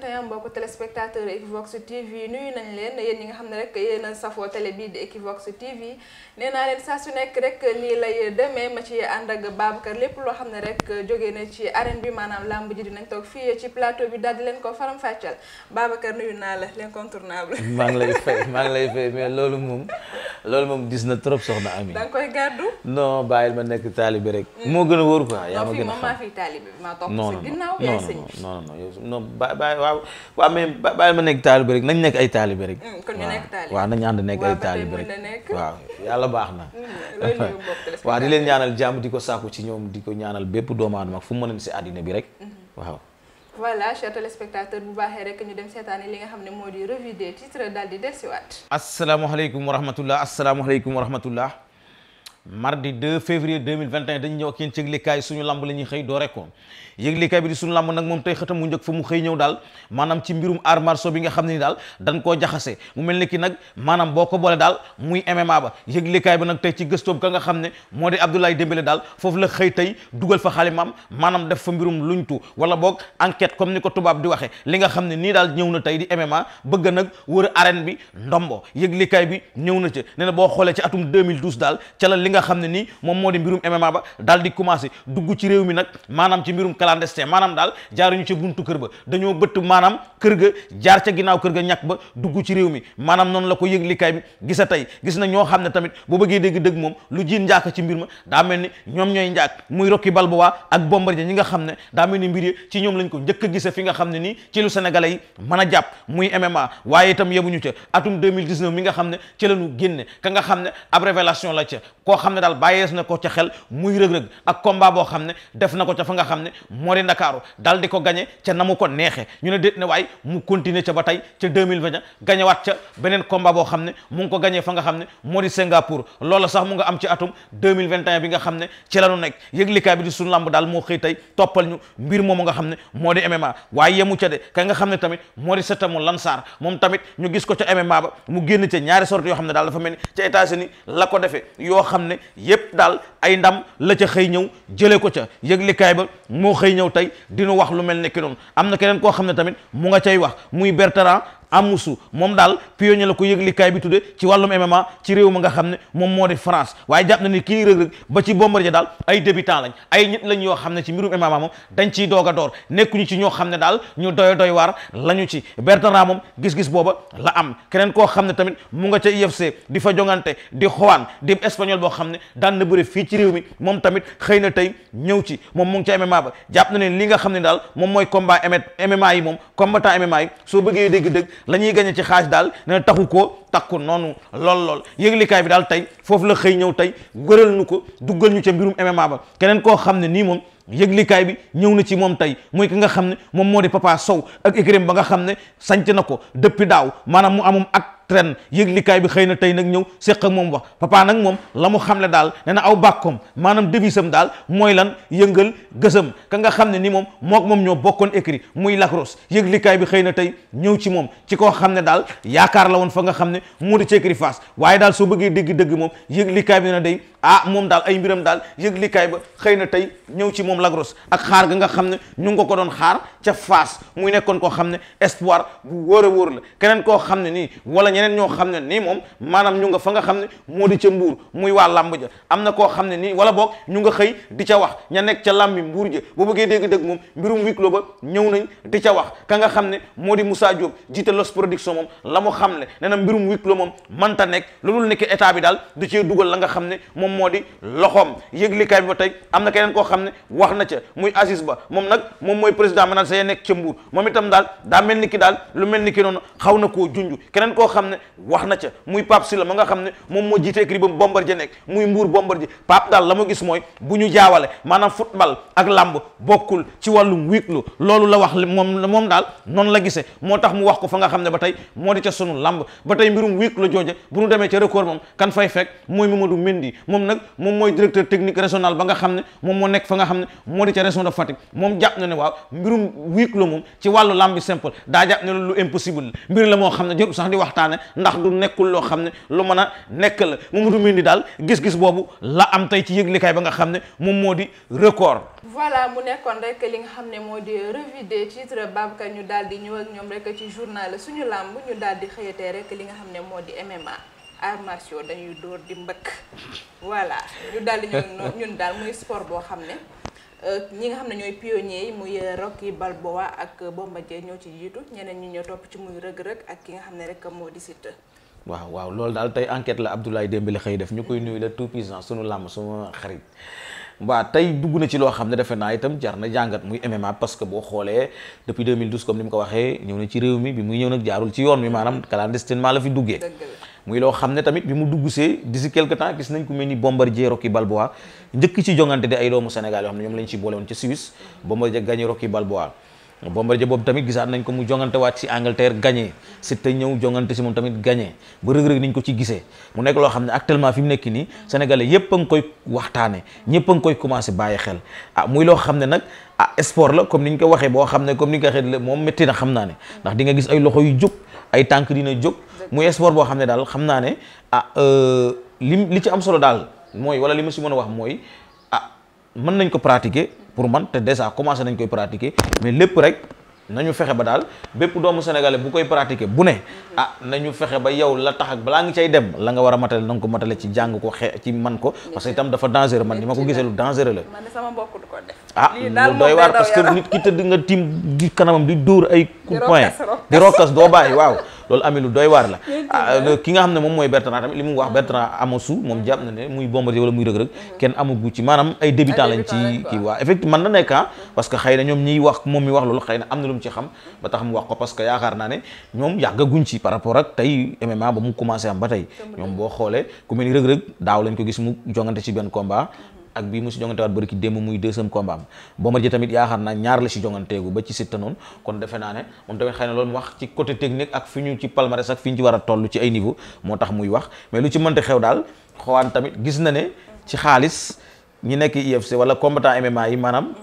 2021 mbokku téléspectateur Equivox TV nuyu nañ leen yéen ñi nga xam ne rek yéen a safoo télé bii di Equivox TV nee leen saa su nekk rek nii lay demee ma ci ànd ak Babacar lépp loo xam ne rek jógee na ci arène bi maanaam làmb ji dinañ toog fii ci plateau bi daal leen ko faram fàccal Babacar nuyu naa la l'incontournable. maa ngi lay fay maa ngi lay fay mais loolu moom loolu moom gis na trop soxna Ami. da nga koy gàddu. non bàyyil ma nekk taalibe rek. moo gën a wóor quoi yaa ma gën a xam non fii moom maa fi taalibe maa topp si ginnaaw. yaa sëñ non non non non non waa waaw mais bàyyi ma nekk taalibe rek nañ nekk ay taalibe rek. Mm, kon ñu nekk waaw nañ ànd nekk ay taalibe rek waaw yàlla baax na. Mm, waaw di leen ñaanal jàmm di ko sàkku ci ñoom di ko ñaanal bépp doomu aadama fu mu mën si àddina bi rek mm-hmm. waaw. voilà chers téléspectateurs bu baaxee rek ñu dem seetaani li nga xam ne moo di revue des titres daal di dellusiwaat. asalaamaaleykum wa rahmatullah asalaamaaleykum wa rahmatullah mardi 2 février 2021 dañu ñëw ak yéen ci yëglikaay suñu lamb la ñuy xëy doore ko yëglikaay bi di suñu lamb nag moom tey xëtam mu njëkk fa mu xëy ñëw daal maanaam ci mbirum art martiaux bi nga xam ne ni maanaam boo ko boole daal muy ba yëglikaay tey ci gëstoob nga xam ne moo di Abdoulaye Dembélé daal foofu la xëy tey dugal fa xaalimaam maanaam def fa mbirum luñtu wala boog enquête comme ni ko tubaab di waxe li nga xam ne nii daal ñëw na tey di MMA bëgg nag wër arène bi ndombo yëglikaay bi ñëw na ci nee boo xoolee ci atum 2012 daal ca la nga xam ne nii moom moo di mbirum MMA ba daal di commencé dugg ci réew mi nag maanaam ci mbirum clandestin maanaam daal jaaruñu ci buntu kër ba dañoo bëtt maanaam kër ga jaar ca ginnaaw kër ga ñàkk ba dugg ci réew mi maanaam noonu la ko yëg likaay bi gisa tey gis na ñoo xam ne tamit boo bëggee dégg dëgg moom lu jiin njaaka ci mbir ma daa mel ni ñoom ñooy njaak muy Rocky Balboa ak Bombardier ñi nga xam ne daa mel ni mbir yi ci ñoom lañ ko njëkk a fi nga xam ne nii ci lu sénégalais yi a jàpp muy MMA waaye itam yebuñu ca atum 2019 mi nga xam ne ci génne ka nga xam ne ab révélation la ca xam ne daal bàyyees na ko ca xel muy rëg-rëg ak combat boo xam ne def na ko ca fa nga xam ne moo di ndakaaru daal di ko gañe ca na mu ko neexee ñu ne déet ne waay mu continuer ca ba tey ca 2020 gañewaat ca beneen combat boo xam ne mu ngi ko gañee fa nga xam ne moo di Singapour loola sax mu nga am ci atum 2021 bi nga xam ne ci la nu nekk yëglikaay bi di su lamb daal moo xëy tey toppal ñu mbir moomu nga xam ne moo di MMA waaye yemu ca de ka nga xam ne tamit moo di Sétamou Lansar moom tamit ñu gis ko ca MMA ba mu génn ca ñaari sorties yoo xam ne daal dafa mel ni ca la ko defee yoo xam ne ne yépp daal ay ndam la ca xëy ñëw jële ko ca yëglikaay ba moo xëy ñëw tey dinu wax lu mel ne ki noonu am na keneen koo xam ne tamit mu nga cay wax muy Bertrand amusu moom daal pionnier la ko yëglikaay bi tudde ci wàllum MMA ci réew ma nga xam ne moom moo di France waaye jàpp na ni kii rëg-rëg ba ci Bombardier daal ay débutant lañ ay yoo xam ne ci mbirum MMA dañ ciy doog a door ci ñoo xam ne daal ñu doy doy waar lañu ci Bertrand moom gis-gis booba la am keneen koo xam ne tamit mu nga ca UFC di fa jongante di Juan di espagnol boo xam ne daan na bëre fii ci réew mi moom tamit xëy na tey ñëw ci moom mu ngi ca MMA ba jàpp na ne li nga xam ne daal moom mooy combat MMA yi moom combattant MMA yi soo bëggee dégg-dégg la ñuy gañe ci xaaj daal ne taxu ko takku noonu lool lool yëglikaay bi daal tey foofu la xëy ñëw tey gëral nu ko duggal ñu ca mbirum MMA ba keneen koo xam ne nii moom yëglikaay bi ñëw na ci moom tey muy ki nga xam ne moom moo di Papa Sow ak écurie ba nga xam ne sanc na ko depuis daaw maanaam mu amum ak tren yëglikaay bi xëy na tey nag ñëw séq moom wax papa nag moom la mu xamle daal nee na aw bàkkoom maanaam devisam daal mooy lan yëngal gësam ka nga xam ne ni moom mook moom ñoo bokkoon écrit muy lacrosse yëglikaay bi xëy na tey ñëw ci moom ci koo xam ne daal yaakaar la woon fa nga xam ne moo di ci écurie waaye daal soo bëggee dégg dëgg moom yëg likaay bi na day ah moom daal ay mbiram daal yëg likaay ba xëy na tey ñëw ci moom la lagros ak xaar ga nga xam ne ñu ngi ko ko doon xaar ca Fass muy nekkoon koo xam ne espoir bu wóor a wóor la keneen koo xam ne nii wala ñeneen ñoo xam ne nii moom maanaam ñu nga fa nga xam ne moo di ca mbuur muy waa làmb ja am na koo xam ne nii wala boog ñu nga xëy di ca wax ña nekk ca làmbi mbuur ja boo bëggee dégg moom mbirum wiklo ba ñëw nañ di ca wax ka nga xam ne moo di Moussa Diop jiite Los Production moom la mu xam ne nee mbirum mbirum huis clos moom manta nekk loolu nekk état bi daal du cee dugal la nga xam ne moom moo di loxoom yëglikaay bi ba tey am na keneen koo xam ne wax na ca muy Aziz Ba moom nag moom mooy président maanaam say nekk ca Mbuur moom itam daal daa mel ni ki daal lu mel ni ki noonu xaw na ko junj keneen koo xam ne wax na ca muy Pape Sylla ma nga xam ne moom moo jiite écurie ba Bombardier nekk muy Mbuur Bombardier Pape daal la ma gis mooy bu ñu jaawale maanaam football ak làmb bokkul ci wàllum huis loolu la wax moom moom daal noonu la gisee moo tax mu wax ko fa nga xam ne ba tey moo mbirum week la jooje bu ñu demee ca record moom kan fay fekk mooy Mamadou Mendy moom nag moom mooy mbir la moo xam ne jëru sax di waxtaane ndax du nekkul loo xam ne lu mën a nekk la Mamadou Mendy daal gis-gis boobu la am tey ci yëglikaay ba nga xam ne moom moo di record voilà mu nekkoon rek li nga xam ne moo di revue des titres Babacar ñu daal di ñoom rek ci journal suñu làmb ñu daal di xëyatee rek li nga xam xam moo di MMA arts dañuy dóor di mbëkk voilà ñu daal di ñun daal muy sport boo xam ne euh, ñi nga xam ne ñooy pionniers yi muy Rocky Balboa ak Bombardier ñoo ci jiitu ñeneen ñi ñoo topp ci muy rëg-rëg ak ki nga xam ne rek moo di Siteu waaw waaw loolu daal tey enquête la Abdoulaye Dembélé xëy def ñu koy nuyu la tout puissant sunu làmb suma xarit waa tey dugg na ci loo xam ne defe naa itam jar na jàngat muy MMA parce que boo xoolee depuis 2012 comme ni mu ko waxee ñëw na ci réew mi bi muy ñëw nag jaarul ci yoon mi maanaam clandestinement la fi duggee muy loo xam ne tamit bi mu dugg see d'ici quelque temps gis nañ ku mel ni Bombardier Rocky Balboa njëkk ci jongante di ay doomu Sénégal yoo xam ne ñoom lañ ci boole woon ci Suisse Bombardier gagné Rocky Balboa Bombardier boobu tamit gisaat nañ ko mu jongante waat si Angleterre gagné Siteu ñëw jongante si moom tamit gagné ba rëg-rëg niñ ko ci gisee mu nekk loo xam ne actuellement fi mu nekk nii sénégalais yépp koy waxtaane ñëpp a koy commencé bàyyi xel ah muy loo xam ne nag ah sport la comme ni ñu ko waxee boo xam ne comme ni ñu ko waxee moom métti na xam naa ne ndax dinga nga gis ay loxo yu jóg ay tànk dina jóg muy sport boo xam ne daal xam naa ne ah euh, li li ci am solo daal mooy wala li ma si mën a wax mooy ah mën nañ ko pratiquer pour man te déjà commencé nañ koy pratiquer mais lépp rek nañu fexe ba daal bépp doomu sénégalais bu koy pratiquer bu ne ah nañu fexe ba yow la tax ak balaa ngi cay dem la nga war a matale na nga ko matale ci jàng ko xe ci man ko parce que itam dafa dangereux man ni ma ko gisee lu dangereux la ah lu waar parce que nit ki tëdd nga tiim di kanamam di dóor ay coup de di rokkas doo bàyyi waaw loolu ami lu doy waar la ah, euh, ki nga xam ne moom mooy Bertrand tamit li mu wax Bertrand Amousou moom jàpp na muy Bombardier wala muy Reug Reug mhm. kenn amagu ci maanaam ay débutant lañ ci kii waa effectivement man na nekk ah, parce que xëy na ñoom ñiy wax moom mi wax loolu xëy na am na lu mu ci xam ba tax mu wax ko parce que yaakaar naa ne ñoom yàggaguñ ci par rapport ak tey MMA ba mu commencé am ba tey ñoom boo xoolee ku mel ni Reug daaw lañ ko gis mu jongante ci benn combat ak bii mu si jongante waat bëri démb muy deuxième combat am Bombardier tamit yaakaar naa ñaar la si jonganteegu ba ci Siteu noonu kon defe naa ne moom tamit xëy na loolu mu wax ci côté technique ak fi ñu ci palmarès ak fi ñu ci war a ci ay niveau moo tax muy wax mais lu ci mënte xew daal xawaan tamit gis na ne ci xaalis ñi nekk UFC wala combattant MMA yi maanaam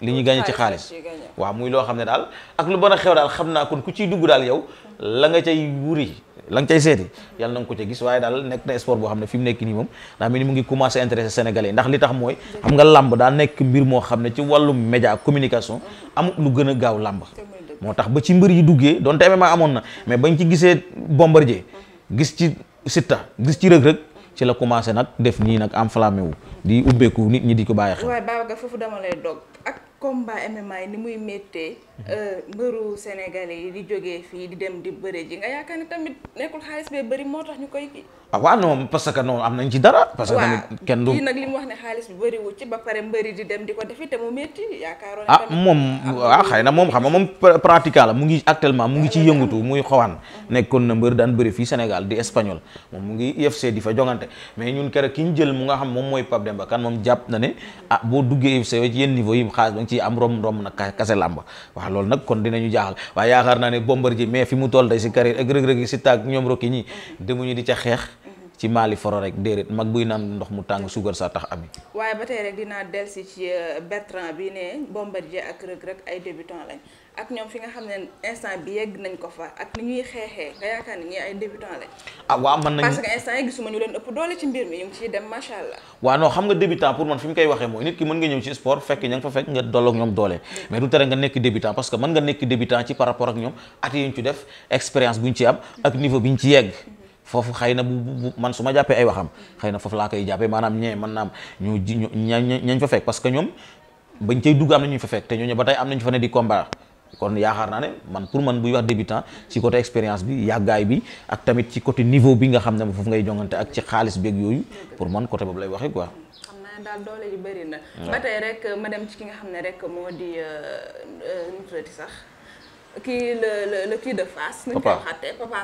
li ñu gagné ci xaalis waaw muy loo xam ne daal ak lu bon a xew daal xam naa kon ku ciy dugg daal yow la nga cay wuri la nga cay seeti yàlla na nga ko ca gis waaye daal nekk na sport boo xam ne fi mu nii moom daa mel ni mu ngi commencé intéressé sénégalais yi ndax li tax mooy xam nga làmb daa nekk mbir moo xam ne ci wàllum média communication amut lu gën a gaaw làmb moo tax ba ci mbër yi duggee donte MMA amoon na mais bañ ci gisee bombardier gis ci sitta gis ci rëg-rëg ci la commencé nag def nii nag enflammé wu di ubbeeku nit ñi di ko bàyyi xel combat MMA yi ni muy méttee euh, mbëru sénégalais yi di jógee fii di dem di bëre ji nga yaakaar ne tamit nekkul xaalis bee bëri moo tax ñu koy kii ah parce que non am nañ ci dara parce que kenn du nag bëri wu ci ba pare mbëri di dem di ko defi te mu métti yaakaaroon ah moom waaw na moom xam nga moom pratiquant la mu ngi actuellement mu ngi ci yëngutu muy xawaan nekkoon na mbër daan bëri fii Sénégal di espagnol moom mu ngi UFC di fa jongante mais ñun keroog ki jël mu nga xam moom mooy Pape Demba kan moom jàpp na ne ah, boo duggee UFC yenn niveau yi xaalis ci am rom rom na kase làmb waaw lool nag kon dinañu jaaxal waaye yaakaar naa ne bombar ji mais fi mu toll day si carrière ak rëg-rëg si taag ñoom rokki ñi demuñu di ca xeex ci maali foro rek déedéet mag buy naan ndox mu tàng suukar sa tax ami waaye ba tey rek dinaa delsi ci euh, Bertrand bi ne Bombardier ak Reug Reug ay débutant lañ ak ñoom ne instant bi ko fa ak ni ñuy xeexee nga yaakaar ni ñi ay débutant lañ ah waaw mën nañ parce que instant yi gisuma ñu leen ëpp doole ci mbir mi ñu ngi ciy dem macha allah waaw non xam nga débutant pour man fi mu koy waxee mooy nit ki mën nga ñëw ci sport fekk ña fa fekk nga dolloog ñoom doole mais du tere nga nekk débutant parce que mën nga nekk débutant ci par rapport ak foofu xëy bu bu man su ma jàppee ay waxam xëy na foofu laa koy jàppee maanaam ñee mën naam ñu ñu ñañ fa fekk parce que ñoom bañ cay dugg am na ñu fa fekk te ñooñu ba tey am ne di combat kon yaakaar naa ne man pour man buy wax débutant ci côté expérience bi yàggaay bi ak tamit ci côté niveau bi nga xam ne foofu ngay jongante ak ci xaalis beeg yooyu pour man côté boobu lay waxee quoi. xam naa daal doole yu ba tey rek ma dem kii le le le kii de Fass. Papa koy waxatee Papa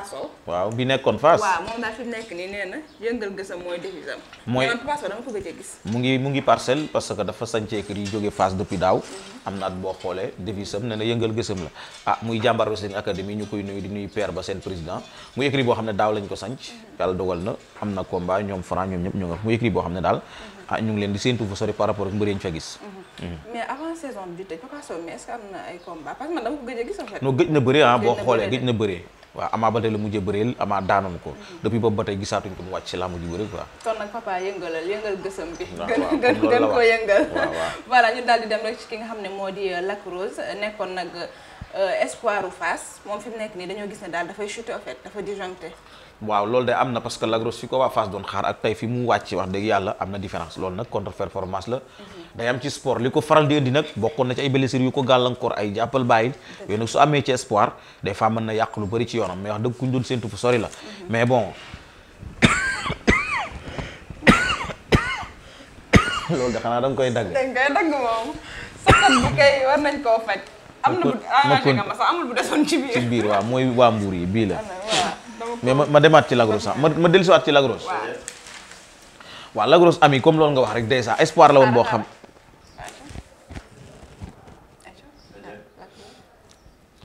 waaw bi nekkoon fas waaw moom daal fi nekk nii nee na yëngal gësam mooy devise am. mooy a gis. mu ngi mu ngi que dafa sancee kër yi jógee Fass depuis daaw. am na at boo xoolee devise am na yëngal gësam la ah muy jàmbaar Wrestling Academy ñu koy nuyu di nuy père ba seen président mu yëkkati boo xam ne daaw lañ ko sanc yàlla dogal na am na combat ñoom Franc ñoom ñëpp ñoo nga mu yëkkati boo xam ne daal. ah ñu ngi leen di séntu fa sori par rapport ak ñu fa gis. Mhm. Mhm. mais avant saison bi di tëj mais est am na ay combat parce que man dama ko gëj a gis en boo xoolee gëj na bëree. Ah, waaw Ama Baldé la mujjee bëreel Ama daanoon ko. Mhm. depuis boobu ba tey gisaatuñ ko mu wàcc si làmb ji bëri quoi. kon nag papa yëngalal yëngal gësam bi. gën gën gën koo yëngal. voilà ñu ki nga xam ne moo di euh, Lac Rose nekkoon nag euh, espoiru Fass moom fi mu nekk nii dañoo gis ne daal dafay chuter en fait dafa disjoncté. waaw lool de am na parce que Lac Rose fi ko waa Fass doon xaar ak tey fi mu wàcc wax dëgg yàlla am na différence loolu nag contre performance la mhm. day am ci sport li ko faral di indi nag bokkoon na ci ay blessures yu ko ay jàppal bàyyi yooyu su amee ci espoir des fois mën na yàq lu bëri ci yoonam mais wax dëgg kuñ doon séntu la mhm. mais bon loolu de koy dagg da am na bu arrangé ci biir waaw mooy waa mbuur yi bii la mais ma ma demaat ci Lagros sax ma ma dellusiwaat ci Lagros. waaw Lagros ami comme lool nga wax rek dèjà espoir la woon boo xam.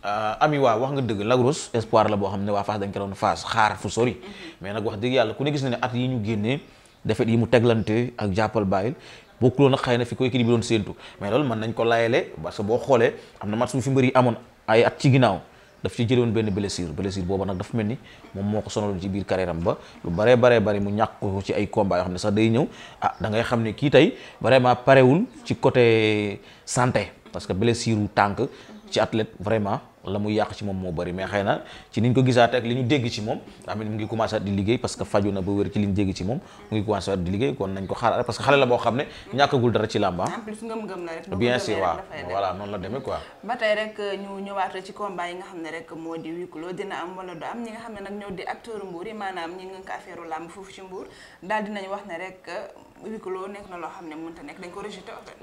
Ah, ami waaw wax nga dëgg Lagros espoir la boo xam ne waa Fass dañ ko doon Fass xaar fu sori mhm. mais nag wax dëgg yàlla ku ne gis na ne at yi ñu génne defet yi mu teglante ak jàppal bàyyil bokkul woon xëy na fi koy équipe bi doon séentu mais lool mën nañ ko layele parce que boo xoolee am na mat su fi mbër yi amoon ay at ci ginnaaw. daf ci jëloon benn blessure blessure booba nag dafa mel ni moom moo ko sonaloon ci biir carrière ba lu baree baree bari mu ñàkk ko ci ay combat yoo xam ne sax day ñëw ah da ngay xam ne kii tey vraiment parewul ci côté santé parce que blessure tànk ci athlète vraiment la mu yàq ci moom moo bëri mais xëy na ci niñ ko gisaate li ñu dégg ci moom amit mu ngi commencé di liggéey parce que faju na ba wér ci li ñu dégg ci moom mu ngi commencé di liggéey kon nañ ko xaar parce que xale la boo xam ne ñàkkagul dara ci làmba ah. bien sûr waaw voilà noonu la demee quoi ba tey rek euh, ñu ñëwaat ci combat yi nga xam ne rek moo di huis clos dina am wala du am ñi nga xam ne nag ñoo di acteur mbuur yi maanaam ñi nga ko huis loo xam ne mënta nekk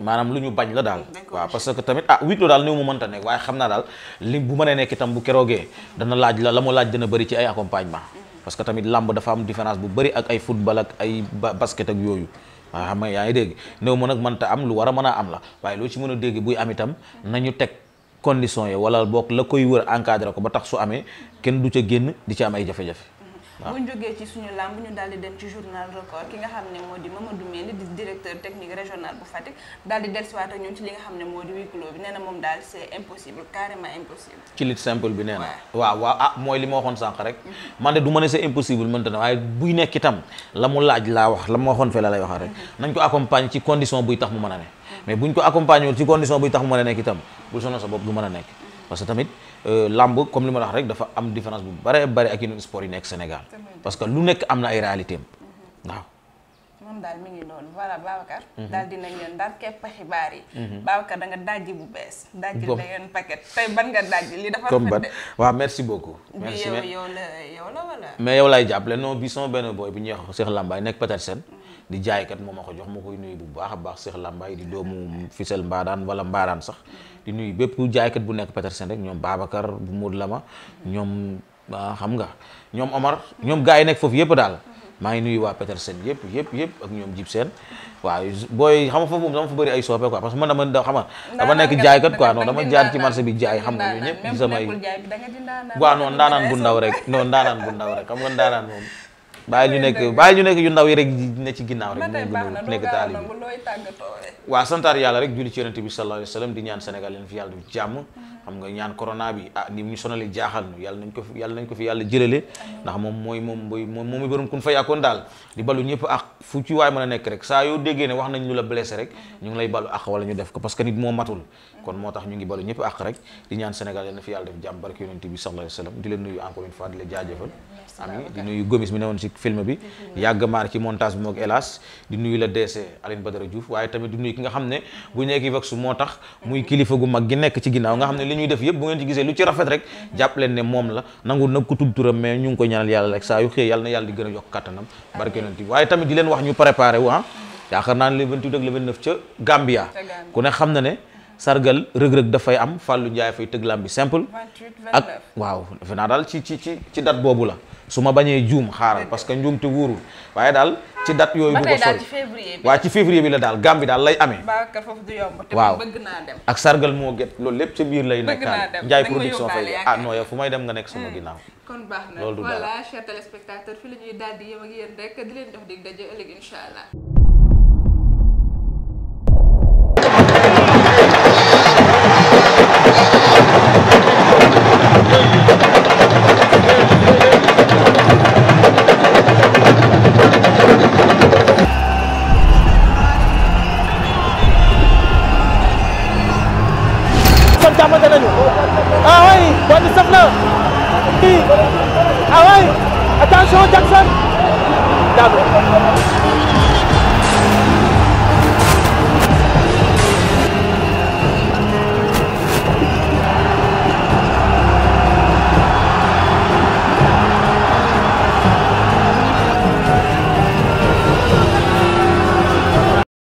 maanaam lu ñu bañ la daal waaw parce que tamit ah huis clos daal néew mu mënta nekk waaye xam naa daal li bu mënee nekk itam bu keroogee dana laaj la la mu laaj dana bëri ci ay accompagnement mm-hmm. parce que tamit làmb dafa am différence bu bëri ak ay football ak ay basket ak yooyu waa xam nga yaa ngi dégg néew ma nag mënta am lu war a mën a am la waaye loo ci mën a dégg buy am itam nañu teg condition yi wala boog la koy wër encadré ko ba tax su amee kenn du ca génn di ci am ay jafe bu ñu jógee ci suñu làmb ñu daal di dem ci journal record ki nga xam ne moo di Mamadou Mendy di directeur technique régional bu Fatick daal di dellusiwaat ak ñoom ci li nga xam ne moo di huis clos bi nee na moom daal c'est impossible ci lutte simple bi nee na. waaw waaw ah mooy li ma waxoon sànq rek. Mhm. man de du ma ne c'est impossible mënta na waaye buy nekk itam la mu laaj laa wax la ma waxoon fee la lay waxaat rek. Mhm. nañ ko accompagner ci condition buy tax mu mën a ne. Mhm. mais buñ ko tax mu mën sa bopp du mën a nekk. parce que tamit euh, làmb comme li ma la wax rek dafa am différence bu bare bare ak yeneen sport yi nekk Sénégal parce que lu nekk am na ay réalité am mhm. waaw moom daal mi ngi noonu voilà Babacar mhm. daal dinañ leen daal képp xibaar yi mhm. Babacar da nga dajji bu bees dajji la yoon paquet tey ban nga dajji li dafa comme ban waaw merci beaucoup merci yow yow la yow la wala mais yow laay jàppale non bi son benn booy bu ñuy wax Cheikh Lambaay nekk Petersen di jaaykat moo ma ko jox ma koy nuyu bu baax a baax Cheikh Lambaye di doomu Fisel Mbaadaan wala Mbaadaan sax di nuyu bépp jaaykat bu nekk Petersen rek ñoom Babacar bu Mour Lama ñoom ah, xam nga ñoom Omar ñoom gars yi nekk foofu yëpp daal maa ngi nuyu waa Petersen yëpp yëpp yëpp ak ñoom Jib Seen waaw booy xam nga foofu moom dama bëri ay soppe quoi parce que man dama xam nga dama nekk jaaykat quoi non dama jaar ci marché bi jaay xam nga ñëpp di samay waaw non ndaanaan bu ndaw rek noon ndaanaan bu ndaw rek xam nga ndaanaan moom bàyyi ñu nekk bàyyi ñu nekk yu ndaw yi rek ne ci ginnaaw rek ñu nekk taali bi waaw santaar yàlla rek julli ci yonent bi sallallahu alayhi wa sallam di ñaan fi yàlla def jàmm xam nga ñaan corona bi ah ni ñu sonale jaaxal nu yàlla ko yàlla nañ ko fi yàlla jëlale ndax moom mooy moom mooy moom mooy borom kun fa yàkkoon daal di balu ñëpp ak fu ci waay mën a nekk rek saa yoo déggee ne wax nañ lu la blessé rek ñu ngi lay balu ak wala ñu def ko parce que nit moo matul kon moo tax ñu ngi balu ñëpp ak rek di ñaan Sénégal leen fi yàlla def jàmm barke yonent bi sallallahu alayhi wa sallam di leen nuyu encore une fois di la jaajëfal ami di nuyu Gomis mi newoon ci film bi mhm. yàgg maar ci montage bi mook hélas di nuyu la DC Aline Badara Diouf waaye tamit di nuyu ki nga xam ne bu ñu Equivox moo tax muy kilifa gu mag gi nekk ci ginnaaw nga xam ne li ñuy def yëpp bu ngeen ci gisee lu ci rafet rek mhm. jàpp leen ne moom la nangu nag ko tudd turam ñu ngi ko ñaanal yàlla rek saa yu xëyee yàlla na yàlla di gën a yokk kattanam barke yonent bi waaye tamit di leen wax ñu préparé wu ah. mhm. sargal rëg-rëg dafay am Fallou Ndiaye fay tëgg lam bi simple ak waaw defe naa daal ci ci ci ci date boobu la su ma bañee juum xaaral parce que njuum te wóorul waaye daal ci date yooyu du ko sori waaw ci février bi la daal gam bi daal lay amee waaw ak sargal moo get loolu lépp ci biir lay nekkaal Ndiaye production fay ah non yow fu may dem nga nekk sama hmm. ginnaaw loolu du dara la soxla kii ah oui attention Jackson daanu